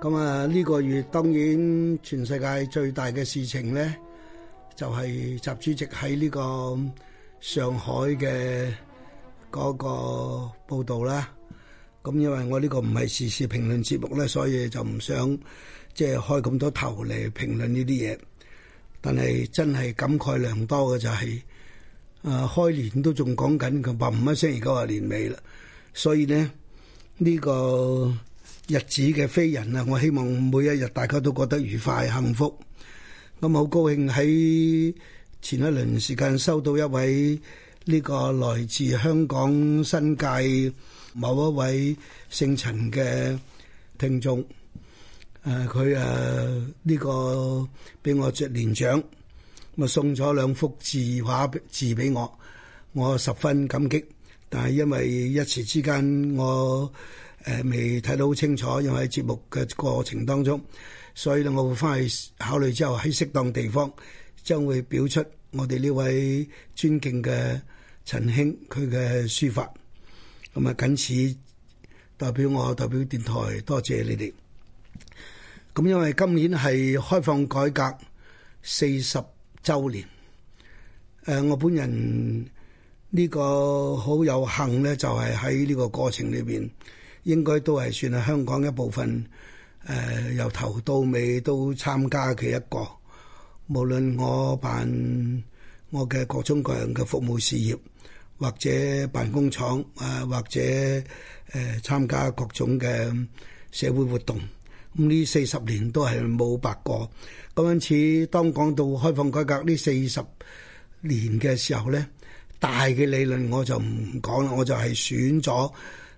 咁啊！呢個月當然全世界最大嘅事情咧，就係、是、習主席喺呢個上海嘅嗰個報導啦。咁因為我呢個唔係時事評論節目咧，所以就唔想即係開咁多頭嚟評論呢啲嘢。但係真係感慨良多嘅就係、是，誒、啊、開年都仲講緊咁五一星期而家話年尾啦。所以咧呢、呢個。日子嘅飛人啊！我希望每一日大家都過得愉快幸福。咁好高興喺前一輪時間收到一位呢個來自香港新界某一位姓陳嘅聽眾。誒、啊，佢誒呢個俾我着年獎，咁啊送咗兩幅字畫字俾我，我十分感激。但係因為一時之間我，誒未睇到好清楚，因為喺節目嘅過程當中，所以咧，我會翻去考慮之後，喺適當地方將會表出我哋呢位尊敬嘅陳兄佢嘅書法，咁啊，僅此代表我代表電台多謝你哋。咁因為今年係開放改革四十周年，誒，我本人呢個好有幸咧，就係喺呢個過程裏邊。應該都係算係香港一部分，誒由頭到尾都參加嘅一個。無論我辦我嘅各種各樣嘅服務事業，或者辦工廠啊，或者誒參加各種嘅社會活動，咁呢四十年都係冇白過。咁因此，當講到開放改革呢四十年嘅時候咧，大嘅理論我就唔講啦，我就係選咗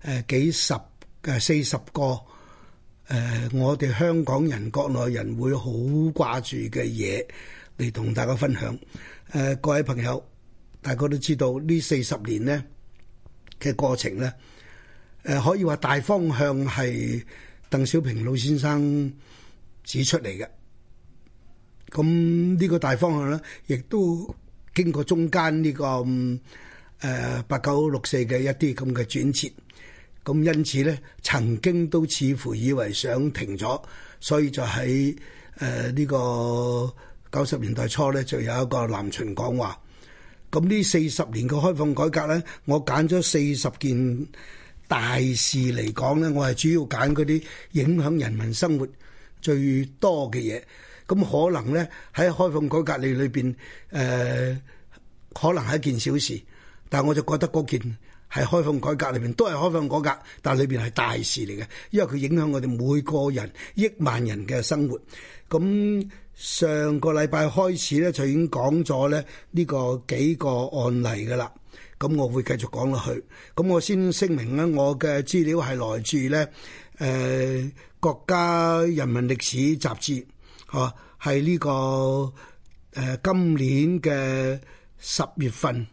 誒幾十，嘅四十個誒，我哋香港人、國內人會好掛住嘅嘢嚟同大家分享。誒，各位朋友，大家都知道呢四十年呢嘅過程呢，誒可以話大方向係鄧小平老先生指出嚟嘅。咁呢個大方向呢，亦都經過中間呢個誒八九六四嘅一啲咁嘅轉折。咁因此咧，曾經都似乎以為想停咗，所以就喺誒呢個九十年代初咧，就有一個南巡講話。咁呢四十年嘅開放改革咧，我揀咗四十件大事嚟講咧，我係主要揀嗰啲影響人民生活最多嘅嘢。咁可能咧喺開放改革裏裏邊誒，可能係一件小事，但我就覺得嗰件。係開放改革裏邊都係開放改革，但係裏邊係大事嚟嘅，因為佢影響我哋每個人億萬人嘅生活。咁上個禮拜開始咧，就已經講咗咧呢個幾個案例㗎啦。咁我會繼續講落去。咁我先聲明咧，我嘅資料係來自咧誒、呃、國家人民歷史雜誌，嚇係呢個誒、呃、今年嘅十月份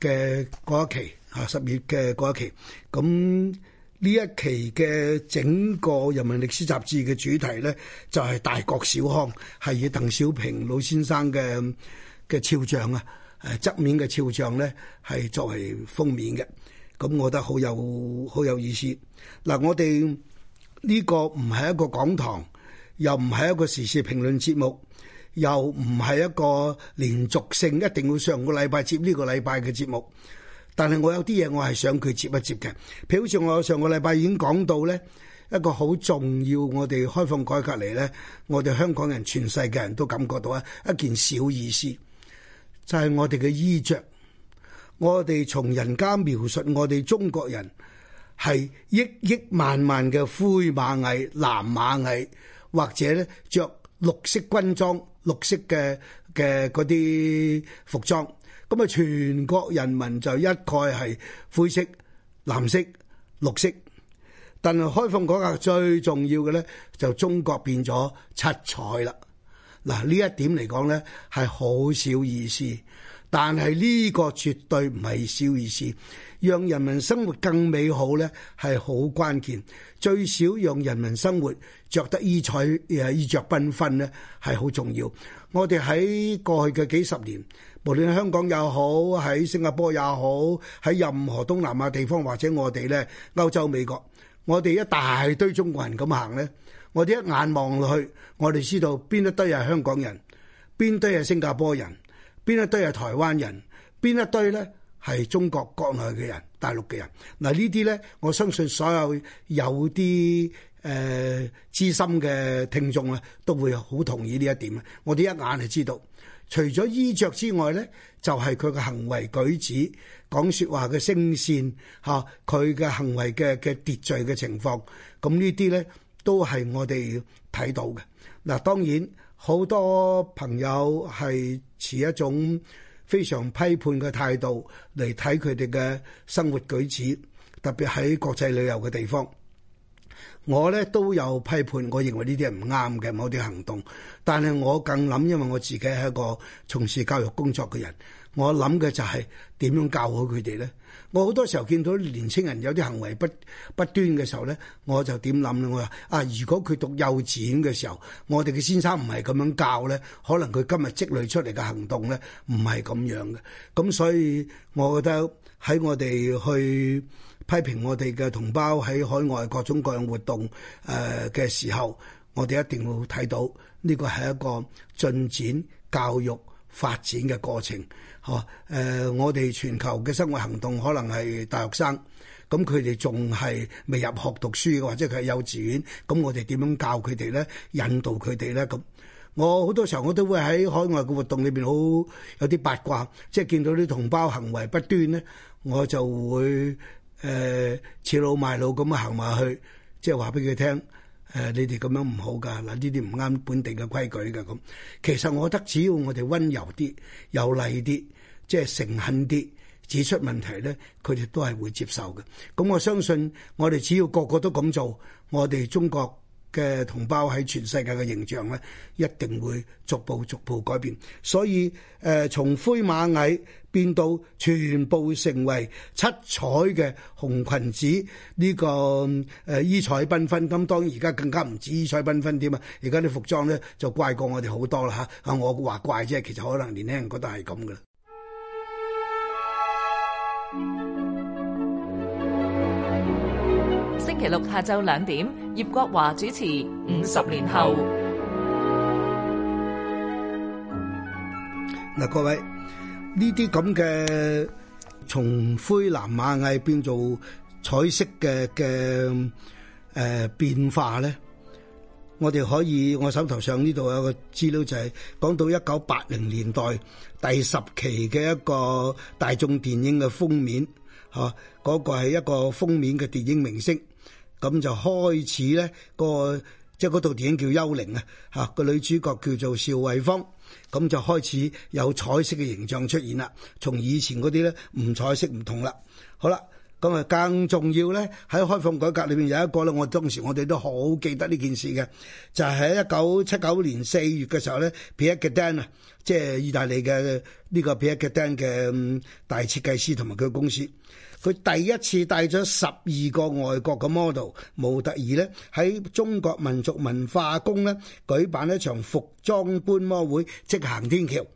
嘅嗰一期。啊！十月嘅嗰一期，咁、嗯、呢一期嘅整個《人民歷史雜誌》嘅主題咧，就係、是、大國小康，係以鄧小平老先生嘅嘅肖像啊，誒側面嘅肖像咧，係作為封面嘅。咁、嗯、我覺得好有好有意思。嗱、啊，我哋呢個唔係一個講堂，又唔係一個時事評論節目，又唔係一個連續性，一定要上個禮拜接呢個禮拜嘅節目。但係我有啲嘢我係想佢接一接嘅，譬如好似我上個禮拜已經講到咧，一個好重要我哋開放改革嚟咧，我哋香港人全世界人都感覺到啊，一件小意思，就係、是、我哋嘅衣着。我哋從人家描述我哋中國人係億億萬萬嘅灰螞蟻、藍螞蟻，或者咧著綠色軍裝、綠色嘅嘅嗰啲服裝。咁啊，全國人民就一概係灰色、藍色、綠色，但係開放改革最重要嘅咧，就中國變咗七彩啦。嗱，呢一點嚟講咧係好小意思，但係呢個絕對唔係小意思，讓人民生活更美好咧係好關鍵，最少讓人民生活着得衣彩誒衣着繽紛咧係好重要。我哋喺過去嘅幾十年。無論香港又好，喺新加坡也好，喺任何東南亞地方或者我哋咧，歐洲、美國，我哋一大堆中國人咁行咧，我哋一眼望落去，我哋知道邊一堆係香港人，邊堆係新加坡人，邊一堆係台灣人，邊一堆咧係中國國內嘅人、大陸嘅人。嗱呢啲咧，我相信所有有啲誒資深嘅聽眾咧，都會好同意呢一點嘅。我哋一眼就知道。除咗衣着之外咧，就係佢嘅行為舉止、講説話嘅聲線嚇，佢嘅行為嘅嘅秩序嘅情況，咁呢啲咧都係我哋睇到嘅。嗱，當然好多朋友係持一種非常批判嘅態度嚟睇佢哋嘅生活舉止，特別喺國際旅遊嘅地方。我咧都有批判，我認為呢啲係唔啱嘅，某啲行動。但係我更諗，因為我自己係一個從事教育工作嘅人，我諗嘅就係點樣教好佢哋咧？我好多時候見到年輕人，有啲行為不不端嘅時候咧，我就點諗咧？我話啊，如果佢讀幼稚園嘅時候，我哋嘅先生唔係咁樣教咧，可能佢今日積累出嚟嘅行動咧，唔係咁樣嘅。咁所以我覺得喺我哋去，批評我哋嘅同胞喺海外各種各樣活動誒嘅、呃、時候，我哋一定會睇到呢個係一個進展、教育發展嘅過程。嚇誒、呃，我哋全球嘅生活行動可能係大學生咁，佢哋仲係未入學讀書嘅，或者佢係幼稚園咁，我哋點樣教佢哋咧？引導佢哋咧？咁我好多時候我都會喺海外嘅活動裏邊好有啲八卦，即係見到啲同胞行為不端咧，我就會。誒、呃、恃老賣老咁樣行埋去，即係話俾佢聽，誒、呃、你哋咁樣唔好㗎，嗱呢啲唔啱本地嘅規矩㗎咁。其實我覺得只要我哋溫柔啲、有禮啲、即係誠懇啲，指出問題咧，佢哋都係會接受嘅。咁我相信我哋只要個個都咁做，我哋中國嘅同胞喺全世界嘅形象咧，一定會逐步逐步改變。所以誒、呃，從灰螞蟻變到全部成為七彩嘅紅裙子呢、這個誒、呃，衣彩繽紛，咁當然而家更加唔止衣彩繽紛添啊！而家啲服裝咧就怪過我哋好多啦嚇、啊。我話怪啫，其實可能年輕人覺得係咁噶啦。 星期六下晝兩點，葉國華主持《五十年後》。嗱，各位呢啲咁嘅從灰藍螞蟻變做彩色嘅嘅誒變化咧，我哋可以我手頭上呢度有一個資料就係講到一九八零年代第十期嘅一個大眾電影嘅封面，吓嗰個係一個封面嘅電影明星。咁就開始咧、那個，就是、個即係嗰套電影叫《幽靈》啊，吓，個女主角叫做邵慧芳，咁就開始有彩色嘅形象出現啦，從以前嗰啲咧唔彩色唔同啦，好啦。咁啊，更重要咧喺開放改革裏邊有一個咧，我當時我哋都好記得呢件事嘅，就係喺一九七九年四月嘅時候咧，皮爾卡丹啊，即係意大利嘅呢個皮爾卡丹嘅大設計師同埋佢公司，佢第一次帶咗十二個外國嘅 model 模特兒咧，喺中國民族文化宮咧舉辦一場服裝觀摩會，即行天橋。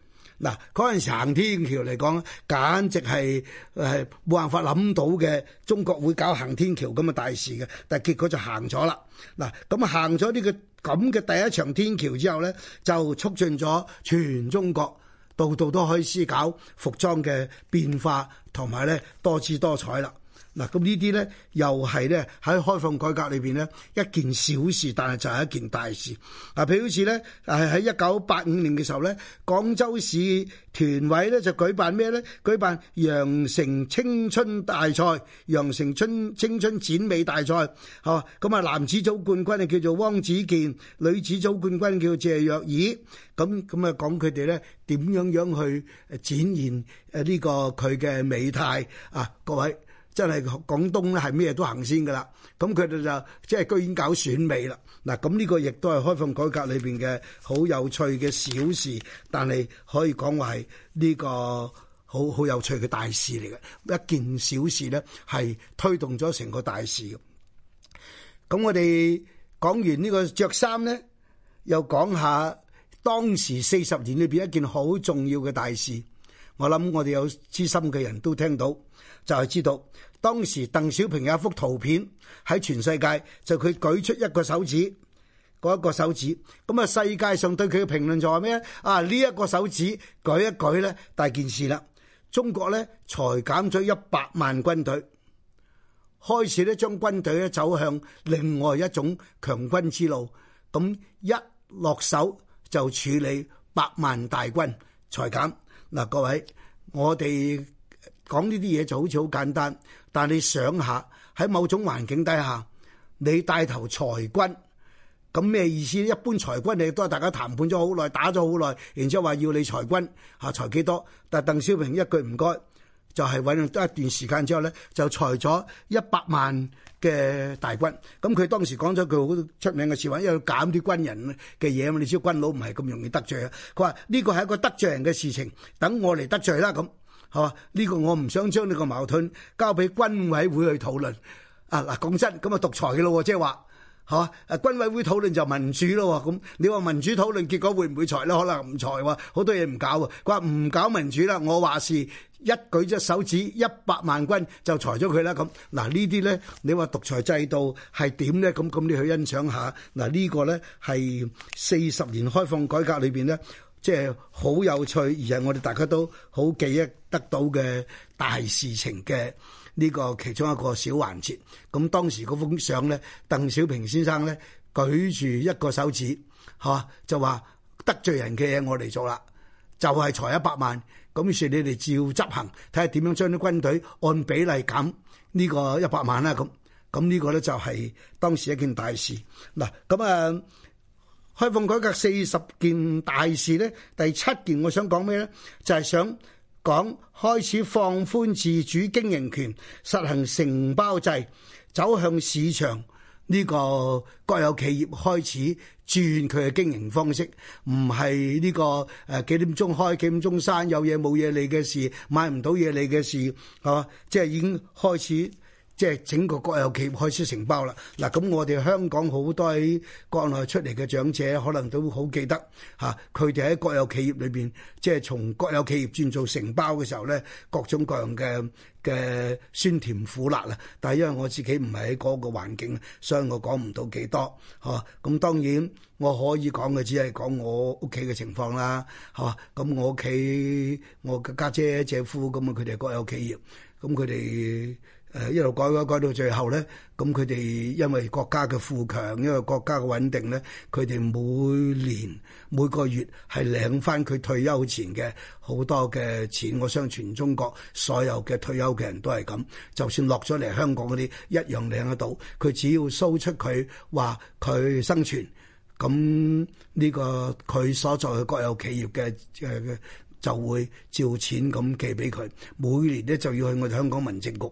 嗱，嗰陣時行天橋嚟講，簡直係係冇辦法諗到嘅，中國會搞行天橋咁嘅大事嘅，但係結果就行咗啦。嗱、啊，咁行咗呢個咁嘅第一場天橋之後咧，就促進咗全中國度度都可以搞服裝嘅變化同埋咧多姿多彩啦。嗱，咁呢啲咧，又係咧喺開放改革裏邊咧，一件小事，但係就係一件大事。嗱，譬如好似咧，係喺一九八五年嘅時候咧，廣州市團委咧就舉辦咩咧？舉辦羊城青春大賽、羊城春青春展美大賽，嚇咁啊，男子組冠軍啊叫做汪子健，女子組冠軍叫謝若怡。咁咁啊講佢哋咧點樣樣去展現誒呢個佢嘅美態啊，各位。真係廣東咧，係咩都行先噶啦。咁佢哋就即係居然搞選美啦。嗱，咁呢個亦都係開放改革裏邊嘅好有趣嘅小事，但係可以講話係呢個好好有趣嘅大事嚟嘅。一件小事咧，係推動咗成個大事。咁我哋講完個呢個着衫咧，又講下當時四十年裏邊一件好重要嘅大事。我諗我哋有知心嘅人都聽到，就係、是、知道當時鄧小平有一幅圖片喺全世界，就佢舉出一個手指嗰一個手指咁啊。世界上對佢嘅評論就話咩啊？呢、這、一個手指舉一舉呢，大件事啦。中國呢，裁減咗一百萬軍隊，開始咧將軍隊咧走向另外一種強軍之路。咁一落手就處理百萬大軍裁減。嗱，各位，我哋講呢啲嘢就好似好簡單，但你想下喺某種環境底下，你帶頭裁軍，咁咩意思？一般裁軍你都係大家談判咗好耐，打咗好耐，然之後話要你裁軍，吓，裁幾多？但鄧小平一句唔該，就係醞釀咗一段時間之後咧，就裁咗一百萬嘅大軍，咁佢當時講咗句好出名嘅詞話，因為要減啲軍人嘅嘢嘛，你知道軍佬唔係咁容易得罪啊。佢話呢個係一個得罪人嘅事情，等我嚟得罪啦咁，係嘛？呢個我唔想將呢個矛盾交俾軍委會去討論啊！嗱，講真，咁啊獨裁嘅咯，即係話。吓，誒、啊、軍委會討論就民主咯，咁、嗯、你話民主討論結果會唔會裁咧？可能唔裁喎，好多嘢唔搞喎。佢話唔搞民主啦，我話事，一舉隻手指一百萬軍就裁咗佢啦。咁、嗯、嗱呢啲咧，你話獨裁制度係點咧？咁咁你去欣賞下嗱、嗯這個、呢個咧係四十年開放改革裏邊咧，即係好有趣而係我哋大家都好記憶得到嘅大事情嘅。呢個其中一個小環節，咁當時嗰幅相咧，鄧小平先生咧舉住一個手指，嚇、啊、就話得罪人嘅嘢我嚟做啦，就係裁一百萬，咁於是你哋照執行，睇下點樣將啲軍隊按比例減呢、這個一百萬啦。咁咁呢個咧就係當時一件大事。嗱，咁啊，開放改革四十件大事咧，第七件我想講咩咧？就係、是、想。講開始放寬自主經營權，實行承包制，走向市場呢、呢個國有企業開始轉佢嘅經營方式，唔係呢個誒幾點鐘開幾點鐘閂，有嘢冇嘢你嘅事，買唔到嘢你嘅事，係即係已經開始。即係整個國有企業開始承包啦。嗱，咁我哋香港好多喺國內出嚟嘅長者，可能都好記得嚇，佢哋喺國有企業裏邊，即係從國有企業轉做承包嘅時候咧，各種各樣嘅嘅酸甜苦辣啊！但係因為我自己唔係喺嗰個環境，所以我講唔到幾多嚇。咁當然我可以講嘅，只係講我屋企嘅情況啦。嚇，咁我屋企我嘅家姐姐夫咁啊，佢哋係國有企業，咁佢哋。誒一路改改改到最後咧，咁佢哋因為國家嘅富強，因為國家嘅穩定咧，佢哋每年每個月係領翻佢退休前嘅好多嘅錢。我相信全中國所有嘅退休嘅人都係咁，就算落咗嚟香港嗰啲一樣領得到。佢只要 show 出佢話佢生存，咁呢個佢所在嘅國有企業嘅誒就會照錢咁寄俾佢。每年咧就要去我哋香港民政局。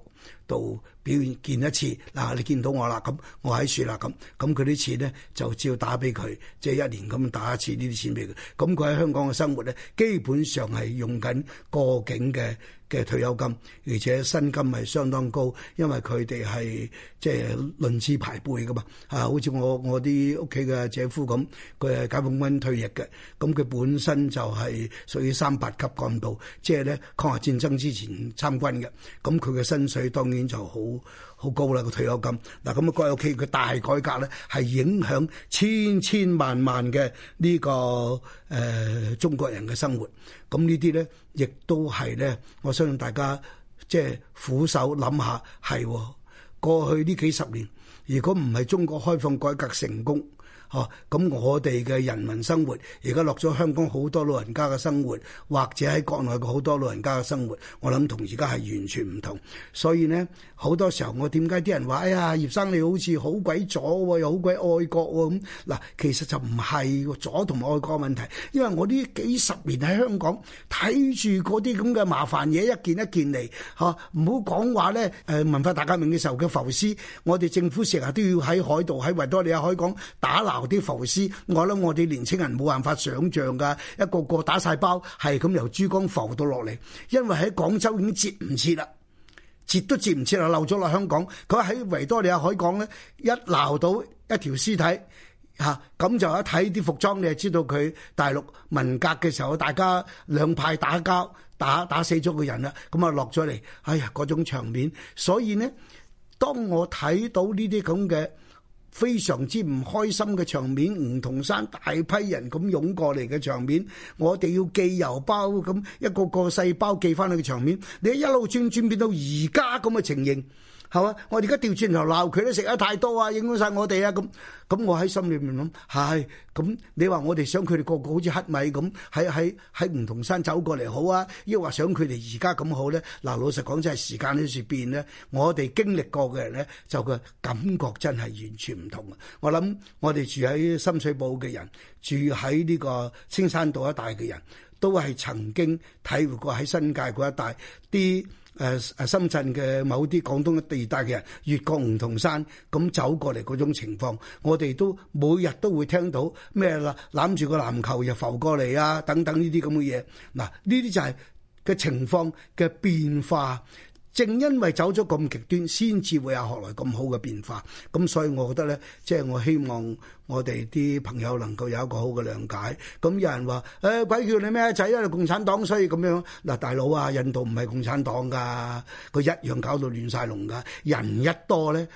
到表現見一次嗱、啊，你見到我啦，咁我喺樹啦，咁咁佢啲錢呢，就照打俾佢，即係一年咁打一次呢啲錢俾佢，咁佢喺香港嘅生活咧基本上係用緊過境嘅。嘅退休金，而且薪金咪相當高，因為佢哋係即係論資排輩噶嘛。啊，好似我我啲屋企嘅姐夫咁，佢係解放軍退役嘅，咁佢本身就係屬於三八級幹部，即係咧抗日戰爭之前參軍嘅，咁佢嘅薪水當然就好。好高啦個退休金，嗱咁啊，國有企業嘅大改革咧，係影響千千萬萬嘅呢個誒中國人嘅生活。咁呢啲咧，亦都係咧，我相信大家即係俯首諗下，係過去呢幾十年，如果唔係中國開放改革成功。嚇！咁、啊、我哋嘅人民生活，而家落咗香港好多老人家嘅生活，或者喺國內嘅好多老人家嘅生活，我諗同而家係完全唔同。所以呢，好多時候我點解啲人話哎呀，葉生你好似好鬼左又好鬼愛國，咁嗱、啊。其實就唔係左同愛國問題，因為我呢幾十年喺香港睇住嗰啲咁嘅麻煩嘢一件一件嚟吓，唔好講話咧，誒文化大革命嘅時候嘅浮屍，我哋政府成日都要喺海度，喺維多利亞海港打撈。啲浮屍，我諗我哋年青人冇辦法想象噶，一個個打晒包，係咁由珠江浮到落嚟，因為喺廣州已經截唔切啦，截都截唔切啦，就漏咗落香港。佢喺維多利亞海港呢，一撈到一條屍體，吓、啊、咁就一睇啲服裝，你就知道佢大陸文革嘅時候，大家兩派打交，打打死咗個人啦，咁啊落咗嚟，哎呀嗰種場面。所以呢，當我睇到呢啲咁嘅。非常之唔開心嘅場面，梧桐山大批人咁湧過嚟嘅場面，我哋要寄郵包咁，一個個細包寄翻去嘅場面，你一路轉，轉變到而家咁嘅情形。係嘛？我哋而家掉轉頭鬧佢都食得太多啊，影響晒我哋啊咁。咁我喺心裏面諗，係、哎、咁。你話我哋想佢哋個，個個好似乞米咁喺喺喺梧桐山走過嚟好啊，抑或想佢哋而家咁好咧。嗱，老實講，真係時間呢，喺處變咧，我哋經歷過嘅人咧，就個感覺真係完全唔同。我諗我哋住喺深水埗嘅人，住喺呢個青山道一帶嘅人。都係曾經體會過喺新界嗰一帶啲誒誒深圳嘅某啲廣東嘅地帶嘅人越過梧桐山咁走過嚟嗰種情況，我哋都每日都會聽到咩喇攬住個籃球又浮過嚟啊等等呢啲咁嘅嘢。嗱呢啲就係個嘅情況嘅變化。正因為走咗咁極端，先至會有後來咁好嘅變化。咁所以我覺得咧，即係我希望我哋啲朋友能夠有一個好嘅諒解。咁有人話，誒、哎、鬼叫你咩仔啊！你共產黨所以咁樣嗱，大佬啊，印度唔係共產黨㗎，佢一樣搞到亂晒龍㗎。人一多咧。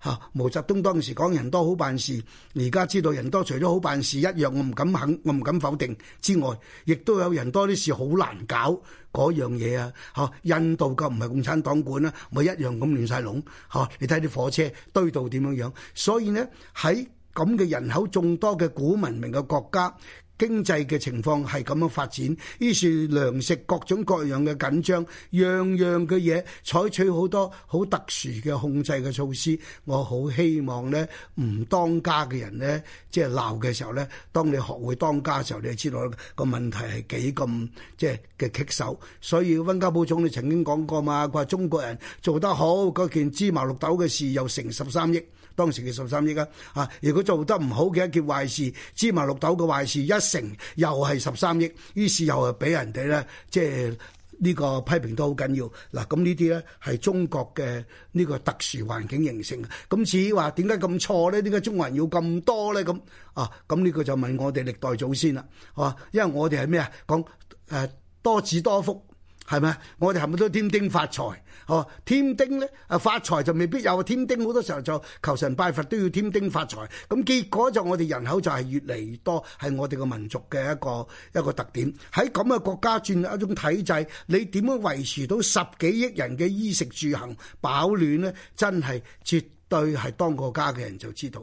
吓，毛澤東當時講人多好辦事，而家知道人多除咗好辦事一樣，我唔敢肯，我唔敢否定之外，亦都有人多啲事好難搞嗰樣嘢啊！吓，印度就唔係共產黨管啦，咪一樣咁亂晒籠吓，你睇啲火車堆到點樣樣，所以呢，喺咁嘅人口眾多嘅古文明嘅國家。經濟嘅情況係咁樣發展，於是糧食各種各樣嘅緊張，樣樣嘅嘢採取好多好特殊嘅控制嘅措施。我好希望咧，唔當家嘅人咧，即係鬧嘅時候咧，當你學會當家嘅時候，你就知道個問題係幾咁即係嘅棘手。所以温家寶總理曾經講過嘛，佢話中國人做得好嗰件芝麻綠豆嘅事，又乘十三億。當時嘅十三億啊，嚇！如果做得唔好嘅一件壞事，芝麻綠豆嘅壞事，一成又係十三億，於是又係俾人哋咧，即係呢個批評都好緊要。嗱、啊，咁呢啲咧係中國嘅呢個特殊環境形成。咁、啊、至於話點解咁錯咧？點解中國人要咁多咧？咁啊，咁呢個就問我哋歷代祖先啦，係、啊、因為我哋係咩啊？講誒多子多福。係咪？我哋係咪都添丁發財，哦！添丁咧，啊發財就未必有。添丁好多時候就求神拜佛都要添丁發財。咁結果就我哋人口就係越嚟越多，係我哋個民族嘅一個一個特點。喺咁嘅國家轉一種體制，你點樣維持到十幾億人嘅衣食住行飽暖咧？真係絕對係當國家嘅人就知道。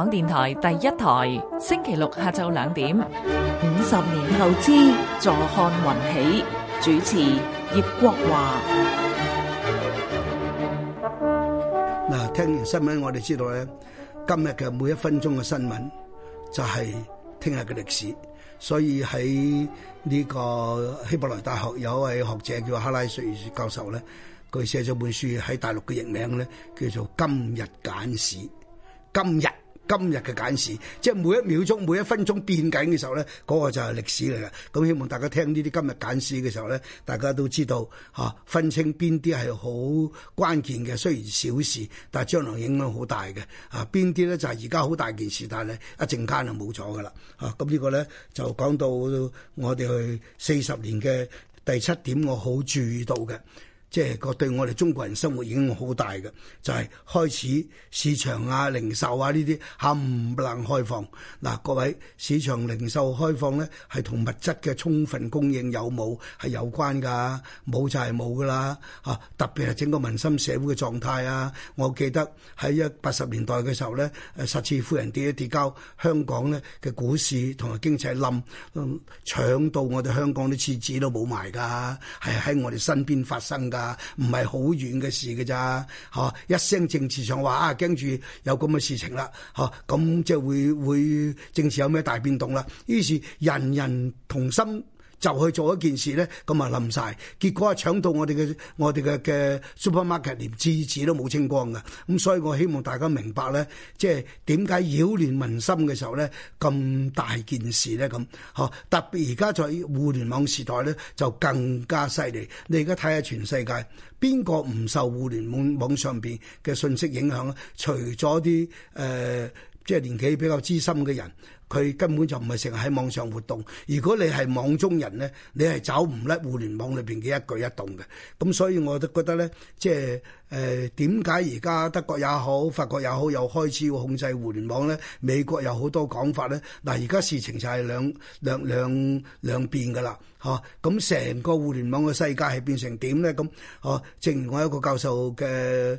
港電台第一台，星期六下晝兩點。五十年投資，坐看雲起。主持葉國華。嗱，聽完新聞，我哋知道咧，今日嘅每一分鐘嘅新聞就係聽日嘅歷史。所以喺呢個希伯來大學有一位學者叫哈拉瑞教授咧，佢寫咗本書，喺大陸嘅譯名咧叫做《今日簡史》，今日。今日嘅簡史，即係每一秒鐘、每一分鐘變緊嘅時候咧，嗰、嗰個就係歷史嚟啦。咁希望大家聽呢啲今日簡史嘅時候咧，大家都知道嚇、啊、分清邊啲係好關鍵嘅，雖然小事，但係將來影響好大嘅。啊，邊啲咧就係而家好大件事，但係咧一陣間就冇咗噶啦。啊，咁呢個咧就講到我哋去四十年嘅第七點，我好注意到嘅。即係個對我哋中國人生活影響好大嘅，就係開始市場啊、零售啊呢啲冚唪唥開放。嗱，各位市場零售開放咧，係同物質嘅充分供應有冇係有關㗎？冇就係冇㗎啦嚇。特別係整個民生社會嘅狀態啊！我記得喺一八十年代嘅時候咧，誒實次夫人跌一跌交，香港咧嘅股市同埋經濟冧，搶到我哋香港啲廁紙都冇埋㗎，係喺我哋身邊發生㗎。啊，唔係好遠嘅事嘅咋，嗬！一聲政治上話啊，驚住有咁嘅事情啦，嗬、啊！咁即係會會政治有咩大變動啦，於是人人同心。就去做一件事咧，咁啊冧晒，結果啊搶到我哋嘅我哋嘅嘅 supermarket 連廁紙都冇清光㗎，咁、嗯、所以我希望大家明白咧，即係點解擾亂民心嘅時候咧咁大件事咧咁，嗬？特別而家喺，喺互聯網時代咧，就更加犀利。你而家睇下全世界邊個唔受互聯網網上面嘅信息影響咧？除咗啲誒。呃即係年紀比較資深嘅人，佢根本就唔係成日喺網上活動。如果你係網中人咧，你係走唔甩互聯網裏邊嘅一舉一動嘅。咁所以我都覺得咧，即係誒點解而家德國也好、法國也好，又開始要控制互聯網咧？美國有好多講法咧。嗱，而家事情就係兩兩兩兩邊噶啦，嚇。咁成個互聯網嘅世界係變成點咧？咁哦，正如我一個教授嘅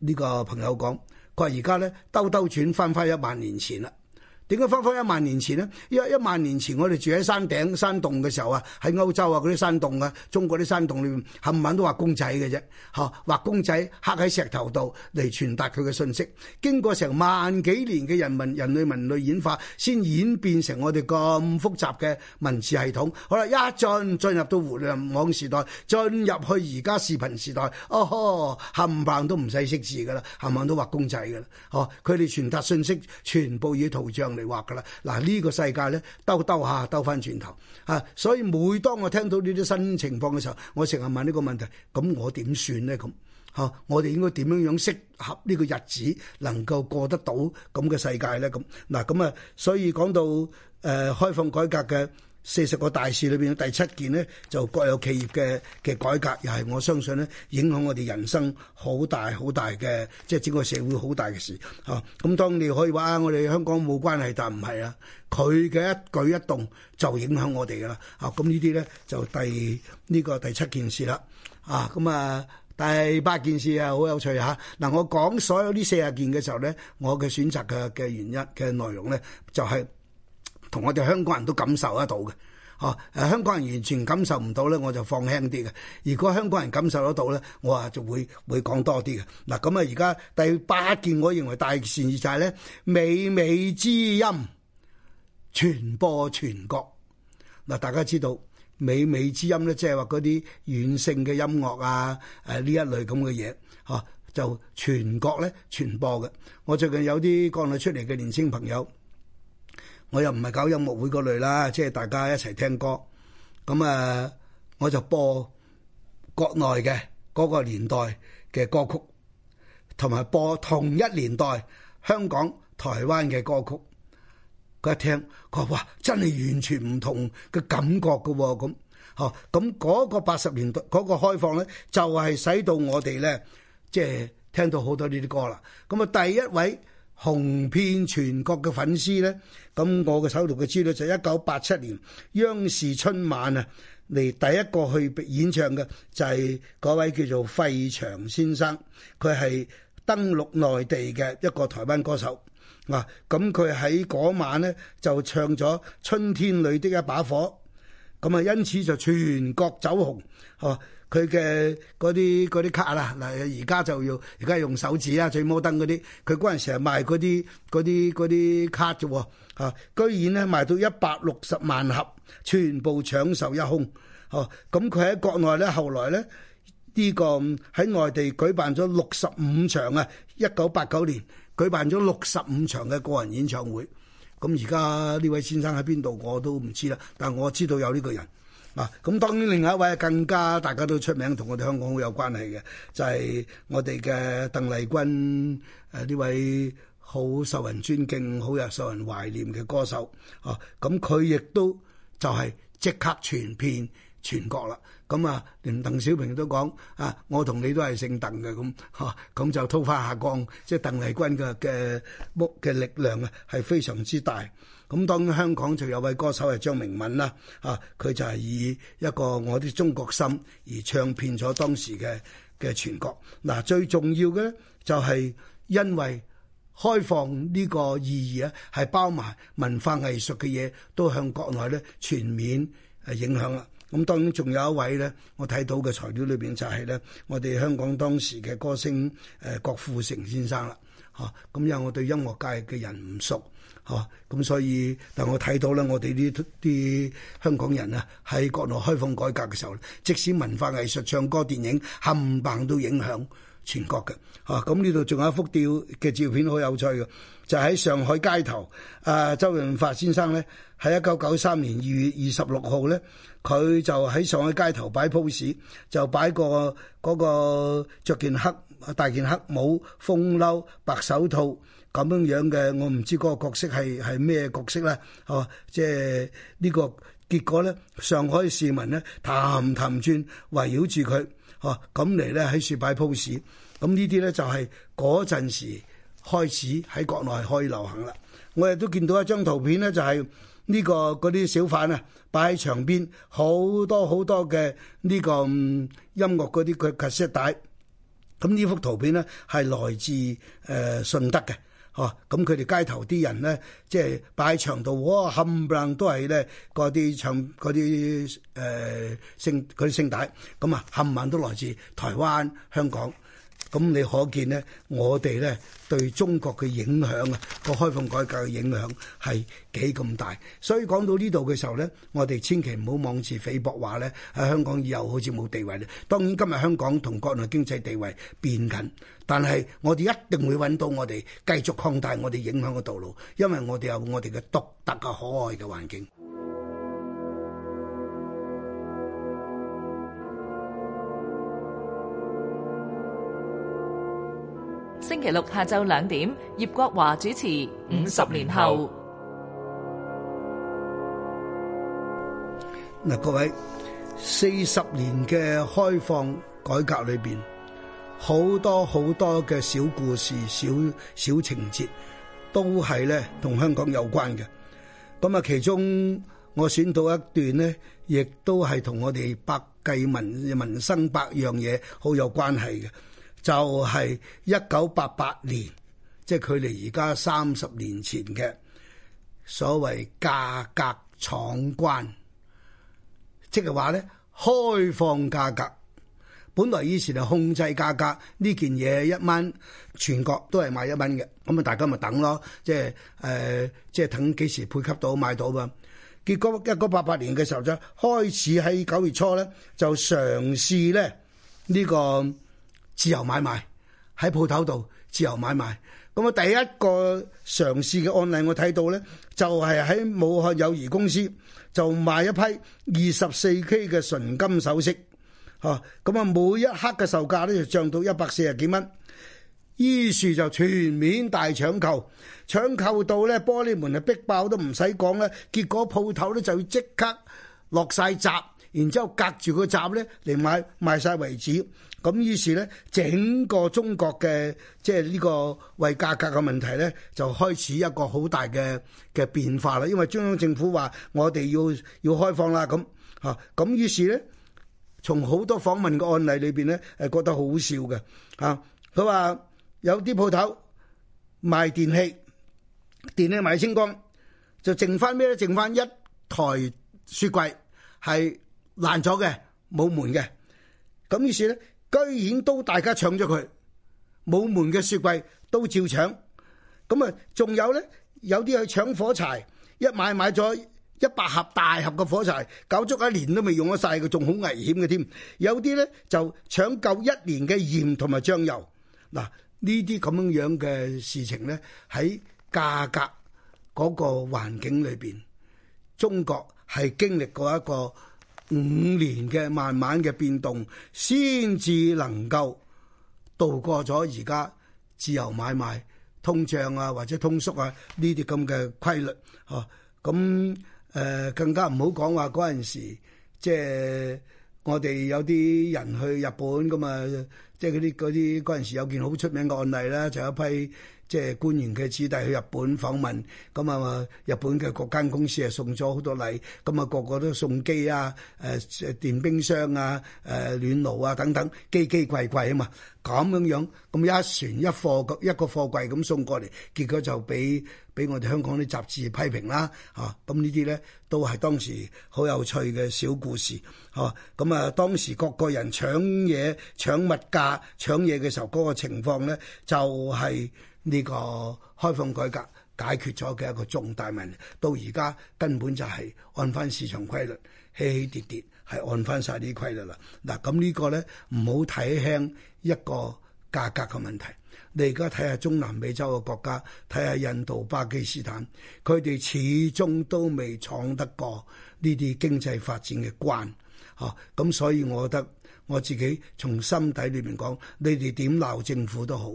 呢個朋友講。佢話而家咧，兜兜轉翻翻一萬年前啦。點解翻翻一萬年前呢？因為一萬年前我哋住喺山頂山洞嘅時候啊，喺歐洲啊嗰啲山洞啊，中國啲山洞裏面，冚唪唥都畫公仔嘅啫，吓，畫公仔刻喺石頭度嚟傳達佢嘅信息。經過成萬幾年嘅人民人類文類演化，先演變成我哋咁複雜嘅文字系統。好啦，一進進入到互聯網時代，進入去而家視頻時代，哦，冚唪唥都唔使識字噶啦，冚唪唥都畫公仔噶啦，哦，佢哋傳達信息全部以圖像。嚟畫噶啦，嗱呢個世界咧兜兜下兜返轉頭，吓、啊、所以每當我聽到呢啲新情況嘅時候，我成日問呢個問題，咁我點算咧咁？吓、啊、我哋應該點樣樣適合呢個日子，能夠過得到咁嘅世界咧咁？嗱、啊、咁啊，所以講到誒、呃、開放改革嘅。四十個大事裏邊第七件呢，就國有企業嘅嘅改革，又係我相信呢，影響我哋人生好大好大嘅，即係整個社會好大嘅事。嚇，咁當你可以話我哋香港冇關係，但唔係啦，佢嘅一舉一動就影響我哋㗎啦。嚇，咁呢啲咧就第呢個第七件事啦。啊，咁啊第八件事啊，好有趣嚇。嗱，我講所有呢四十件嘅時候咧，我嘅選擇嘅嘅原因嘅內容咧，就係。同我哋香港人都感受得到嘅，哦、啊，誒香港人完全感受唔到咧，我就放輕啲嘅。如果香港人感受得到咧，我啊就會會講多啲嘅。嗱，咁啊，而家第八件我認為大事就係、是、咧，靡靡之音傳播全國。嗱、啊，大家知道靡靡之音咧，即係話嗰啲軟性嘅音樂啊，誒、啊、呢一類咁嘅嘢，嚇、啊、就全國咧傳播嘅。我最近有啲國內出嚟嘅年青朋友。我又唔係搞音樂會嗰類啦，即係大家一齊聽歌，咁啊，我就播國內嘅嗰個年代嘅歌曲，同埋播同一年代香港、台灣嘅歌曲。佢一聽，佢話：哇，真係完全唔同嘅感覺噶喎！咁，嗬，咁嗰個八十年代嗰個開放咧，就係使到我哋咧，即係聽到好多呢啲歌啦。咁啊，第一位。紅遍全國嘅粉絲呢，咁我嘅手頭嘅資料就係一九八七年央視春晚啊，嚟第一個去演唱嘅就係嗰位叫做費翔先生，佢係登陸內地嘅一個台灣歌手，哇！咁佢喺嗰晚呢，就唱咗《春天裡的一把火》，咁啊，因此就全國走紅，嚇。佢嘅嗰啲嗰啲卡啦，嗱而家就要而家用手指啊，最摩登嗰啲。佢嗰陣時日賣嗰啲嗰啲嗰啲卡啫喎，啊，居然咧賣到一百六十萬盒，全部搶售一空。哦，啊，咁佢喺國內咧，後來咧呢個喺外地舉辦咗六十五場啊，一九八九年舉辦咗六十五場嘅個人演唱會，咁而家呢位先生喺邊度我都唔知啦，但係我知道有呢個人。啊，咁當然另外一位更加大家都出名，同我哋香港好有關係嘅，就係我哋嘅鄧麗君，誒呢位好受人尊敬、好又受人懷念嘅歌手。哦，咁佢亦都就係即刻傳遍全國啦。咁啊，連鄧小平都講啊，我同你都係姓鄧嘅咁。嚇，咁就桃花下降，即係鄧麗君嘅嘅屋嘅力量啊，係非常之大。咁當然香港就有位歌手係張明敏啦、啊、嚇、啊、佢就係以一個我啲中國心而唱遍咗當時嘅嘅全國。嗱、啊、最重要嘅咧就係、是、因為開放呢個意義咧、啊、係包埋文化藝術嘅嘢都向國內咧全面係影響啦。咁當然仲有一位咧，我睇到嘅材料裏邊就係咧我哋香港當時嘅歌星誒、呃、郭富城先生啦、啊，嚇咁因為我對音樂界嘅人唔熟。哦，咁所以，但我睇到咧，我哋呢啲香港人啊，喺國內開放改革嘅時候，即使文化藝術、唱歌、電影冚唪唥都影響全國嘅。哦，咁呢度仲有一幅吊嘅照片好有趣嘅，就喺、是、上海街頭。啊、呃，周潤發先生咧，喺一九九三年二月二十六號咧，佢就喺上海街頭擺 pose，就擺過個嗰個著件黑戴件黑帽風褸白手套。咁樣樣嘅，我唔知嗰個角色係係咩角色啦，哦、啊，即係呢個結果咧，上海市民咧，氹氹轉圍繞住佢，哦、啊，咁嚟咧喺樹擺 pose，咁呢啲咧就係嗰陣時開始喺國內可以流行啦。我亦都見到一張圖片咧，就係、是、呢、這個嗰啲小販啊，擺喺牆邊好多好多嘅呢、這個、嗯、音樂嗰啲嘅 cassette 帶。咁呢幅圖片咧係來自誒順、呃、德嘅。哦，咁佢哋街頭啲人咧，即係擺喺場度，哇，冚唪唥都係咧，嗰啲唱嗰啲誒聲，嗰啲聲帶，咁啊，冚唪唥都來自台灣香港。咁你可見呢，我哋呢對中國嘅影響啊，個開放改革嘅影響係幾咁大。所以講到呢度嘅時候呢，我哋千祈唔好妄自菲薄話呢，喺香港以後好似冇地位呢。當然今日香港同國內經濟地位變緊，但係我哋一定會揾到我哋繼續擴大我哋影響嘅道路，因為我哋有我哋嘅獨特嘅可愛嘅環境。星期六下晝兩點，葉國華主持《五十年後》。嗱，各位，四十年嘅開放改革裏邊，好多好多嘅小故事、小小情節，都係咧同香港有關嘅。咁啊，其中我選到一段咧，亦都係同我哋百計民民生百樣嘢好有關係嘅。就係一九八八年，即係距離而家三十年前嘅所謂價格闖關，即係話咧開放價格。本來以前係控制價格，呢件嘢一蚊，全國都係賣一蚊嘅。咁啊，大家咪等咯，即係誒、呃，即係等幾時配給到買到噉。結果一九八八年嘅時候就開始喺九月初咧，就嘗試咧、這、呢個。自由買賣喺鋪頭度自由買賣，咁啊第一個嘗試嘅案例我睇到咧，就係、是、喺武漢友誼公司就賣一批二十四 K 嘅純金首飾，嚇咁啊每一克嘅售價咧就漲到一百四十幾蚊，於是就全面大搶購，搶購到咧玻璃門啊逼爆都唔使講啦，結果鋪頭咧就要即刻落晒閘。然之後隔住個閘咧嚟買賣晒為止，咁於是咧整個中國嘅即係呢個為價格嘅問題咧，就開始一個好大嘅嘅變化啦。因為中央政府話我哋要要開放啦，咁嚇咁於是咧，從好多訪問嘅案例裏邊咧，係覺得好笑嘅嚇。佢、啊、話有啲鋪頭賣電器，電器賣清光，就剩翻咩咧？剩翻一台雪櫃係。爛咗嘅冇門嘅咁，於是咧居然都大家搶咗佢冇門嘅雪櫃都照搶咁啊！仲有咧，有啲去搶火柴，一買買咗一百盒大盒嘅火柴，搞足一年都未用得晒嘅，仲好危險嘅添。有啲咧就搶夠一年嘅鹽同埋醬油嗱，呢啲咁樣樣嘅事情咧喺價格嗰個環境裏邊，中國係經歷過一個。五年嘅慢慢嘅變動，先至能夠度過咗而家自由買賣、通脹啊或者通縮啊呢啲咁嘅規律，嚇，咁誒更加唔好講話嗰陣時，即係我哋有啲人去日本咁啊，即係嗰啲嗰啲嗰陣時有件好出名嘅案例啦，就有批。即係官員嘅子弟去日本訪問，咁啊日本嘅各間公司啊送咗好多禮，咁啊個個都送機啊、誒電冰箱啊、誒暖爐啊等等，機機櫃櫃啊嘛，咁樣樣，咁一船一貨一個貨櫃咁送過嚟，結果就俾俾我哋香港啲雜誌批評啦，嚇，咁呢啲咧都係當時好有趣嘅小故事，嚇，咁啊當時各個人搶嘢、搶物價、搶嘢嘅時候，嗰個情況咧就係。呢個開放改革解決咗嘅一個重大問題，到而家根本就係按翻市場規律起起跌跌，係按翻晒啲規律啦。嗱，咁呢個咧唔好睇輕一個價格嘅問題。你而家睇下中南美洲嘅國家，睇下印度、巴基斯坦，佢哋始終都未闖得過呢啲經濟發展嘅關。嚇，咁所以我覺得我自己從心底裏邊講，你哋點鬧政府都好。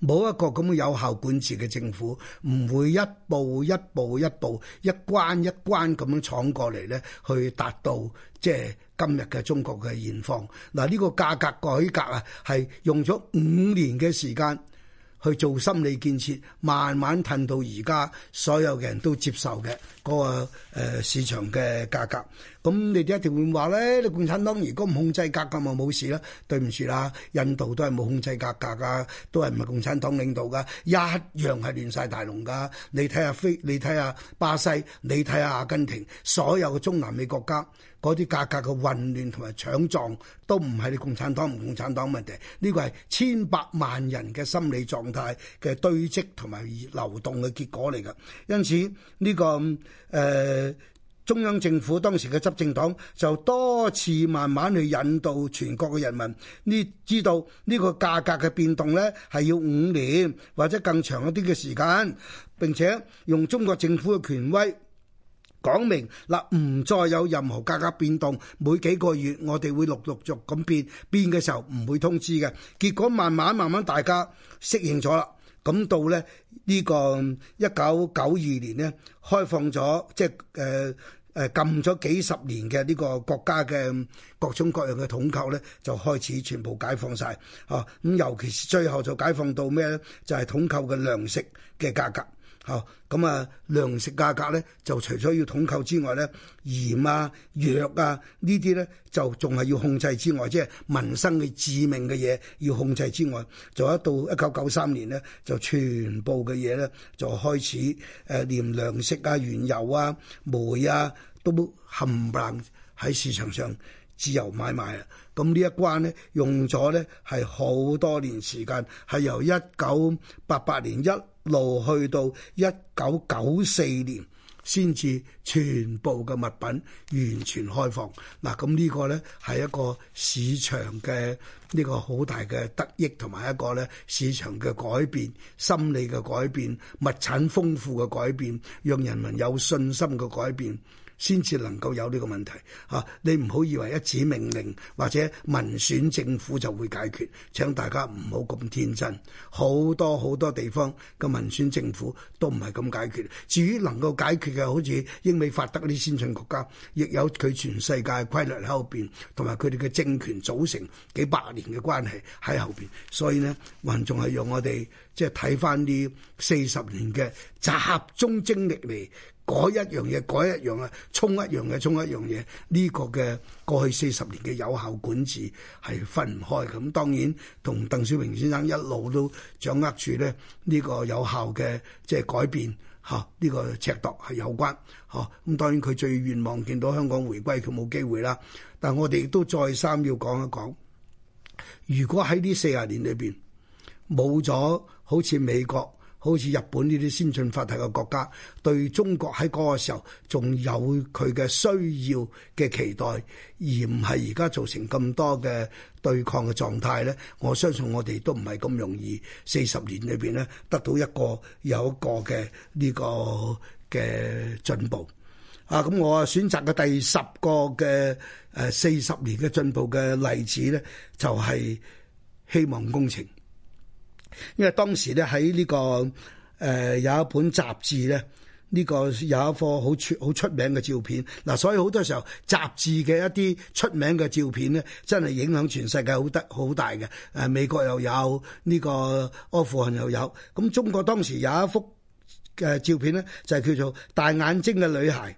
冇一個咁有效管治嘅政府，唔會一步、一步一步、一步一關一關咁樣闖過嚟咧，去達到即係今日嘅中國嘅現況。嗱，呢個價格改革啊，係用咗五年嘅時間去做心理建設，慢慢褪到而家所有嘅人都接受嘅嗰個誒市場嘅價格。咁你哋一定會話咧，你共產黨如果唔控制價格咪冇事啦，對唔住啦，印度都係冇控制價格噶，都係唔係共產黨領導噶？一樣係亂晒大龍噶。你睇下飛，你睇下、啊、巴西，你睇下、啊、阿根廷，所有嘅中南美國家嗰啲價格嘅混亂同埋搶撞，都唔係你共產黨唔共產黨問題。呢個係千百萬人嘅心理狀態嘅堆積同埋流動嘅結果嚟噶。因此呢、呢個誒。呃中央政府當時嘅執政黨就多次慢慢去引導全國嘅人民呢，知道呢個價格嘅變動呢係要五年或者更長一啲嘅時間。並且用中國政府嘅權威講明嗱，唔再有任何價格變動。每幾個月我哋會陸陸續咁變變，嘅時候唔會通知嘅。結果慢慢慢慢大家適應咗啦。咁到呢呢個一九九二年呢，開放咗，即係誒誒禁咗幾十年嘅呢個國家嘅各種各樣嘅統購咧，就開始全部解放晒。嚇、啊！咁尤其是最後就解放到咩咧？就係統購嘅糧食嘅價格。嚇，咁啊，糧食價格咧就除咗要統購之外咧，鹽啊、藥啊呢啲咧就仲係要控制之外，即係民生嘅致命嘅嘢要控制之外，就一到一九九三年咧，就全部嘅嘢咧就開始誒，連糧食啊、原油啊、煤啊都冚唪唥喺市場上自由買賣啊！咁、嗯、呢一關咧用咗咧係好多年時間，係由一九八八年一路去到一九九四年，先至全部嘅物品完全開放。嗱，咁呢個咧係一個市場嘅呢個好大嘅得益，同埋一個咧市場嘅改變，心理嘅改變，物產豐富嘅改變，讓人民有信心嘅改變。先至能夠有呢個問題吓，啊，你唔好以為一紙命令或者民選政府就會解決。請大家唔好咁天真。好多好多地方嘅民選政府都唔係咁解決。至於能夠解決嘅，好似英美法德啲先進國家，亦有佢全世界規律喺後邊，同埋佢哋嘅政權組成幾百年嘅關係喺後邊。所以呢，還仲係用我哋即係睇返呢四十年嘅集中精力嚟。改一樣嘢，改一樣啊！沖一樣嘢，沖一樣嘢。呢個嘅過去四十年嘅有效管治係分唔開。咁當然同鄧小平先生一路都掌握住咧呢個有效嘅即係改變嚇呢個尺度係有關嚇。咁當然佢最願望見到香港回歸，佢冇機會啦。但係我哋亦都再三要講一講，如果喺呢四十年裏邊冇咗好似美國。好似日本呢啲先進發達嘅國家，對中國喺嗰個時候仲有佢嘅需要嘅期待，而唔係而家造成咁多嘅對抗嘅狀態咧。我相信我哋都唔係咁容易，四十年裏邊咧得到一個有一個嘅呢個嘅進步。啊，咁我啊選擇嘅第十個嘅誒四十年嘅進步嘅例子咧，就係希望工程。因為當時咧喺呢個誒、呃、有一本雜誌咧，呢、這個有一幅好出好出名嘅照片嗱、啊，所以好多時候雜誌嘅一啲出名嘅照片咧，真係影響全世界好得好大嘅。誒、啊、美國又有呢、這個阿富汗又有，咁、啊、中國當時有一幅嘅照片咧，就係叫做大眼睛嘅女孩，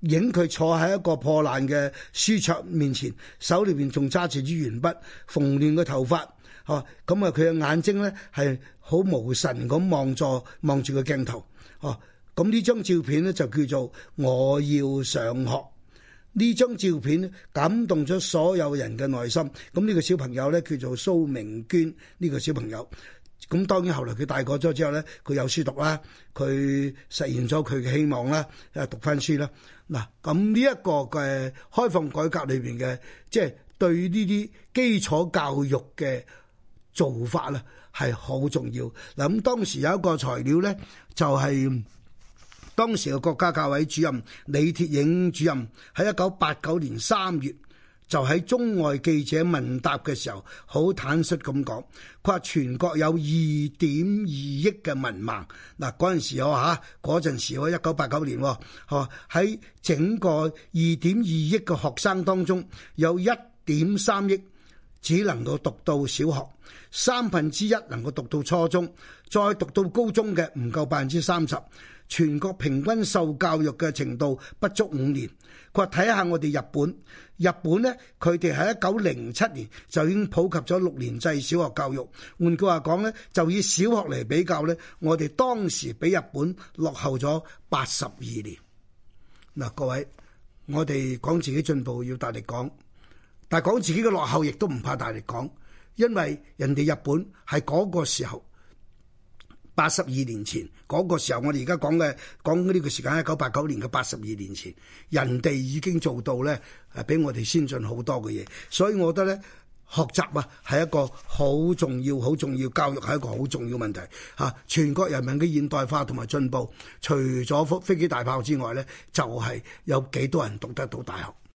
影佢坐喺一個破爛嘅書桌面前，手裏邊仲揸住支鉛筆，蓬亂嘅頭髮。哦，咁啊，佢嘅眼睛咧係好無神咁望住望住個鏡頭，哦，咁呢張照片呢，就叫做我要上學。呢張照片呢，感動咗所有人嘅內心。咁、嗯、呢、這個小朋友咧叫做蘇明娟，呢、這個小朋友。咁、嗯、當然後嚟佢大個咗之後咧，佢有書讀啦，佢實現咗佢嘅希望啦，誒讀翻書啦。嗱、嗯，咁呢一個嘅、呃、開放改革裏邊嘅，即係對呢啲基礎教育嘅。做法咧係好重要嗱，咁當時有一個材料咧，就係、是、當時嘅國家教委主任李鐵映主任喺一九八九年三月就喺中外記者問答嘅時候，好坦率咁講，佢話全國有二點二億嘅文盲，嗱，嗰陣時我嚇，嗰陣時我一九八九年喎，喺整個二點二億嘅學生當中，有一點三億。只能夠讀到小學，三分之一能夠讀到初中，再讀到高中嘅唔夠百分之三十。全國平均受教育嘅程度不足五年。佢話睇下我哋日本，日本呢，佢哋喺一九零七年就已經普及咗六年制小學教育。換句話講呢，就以小學嚟比較呢，我哋當時比日本落後咗八十二年。嗱，各位，我哋講自己進步要大力講。但係講自己嘅落後，亦都唔怕大力講，因為人哋日本係嗰個時候，八十二年前嗰個時候，我哋而家講嘅講呢個時間，一九八九年嘅八十二年前，人哋已經做到咧，誒，比我哋先進好多嘅嘢。所以我覺得咧，學習啊係一個好重要、好重要，教育係一個好重要問題吓。全國人民嘅現代化同埋進步，除咗飛機、大炮之外咧，就係有幾多人讀得到大學。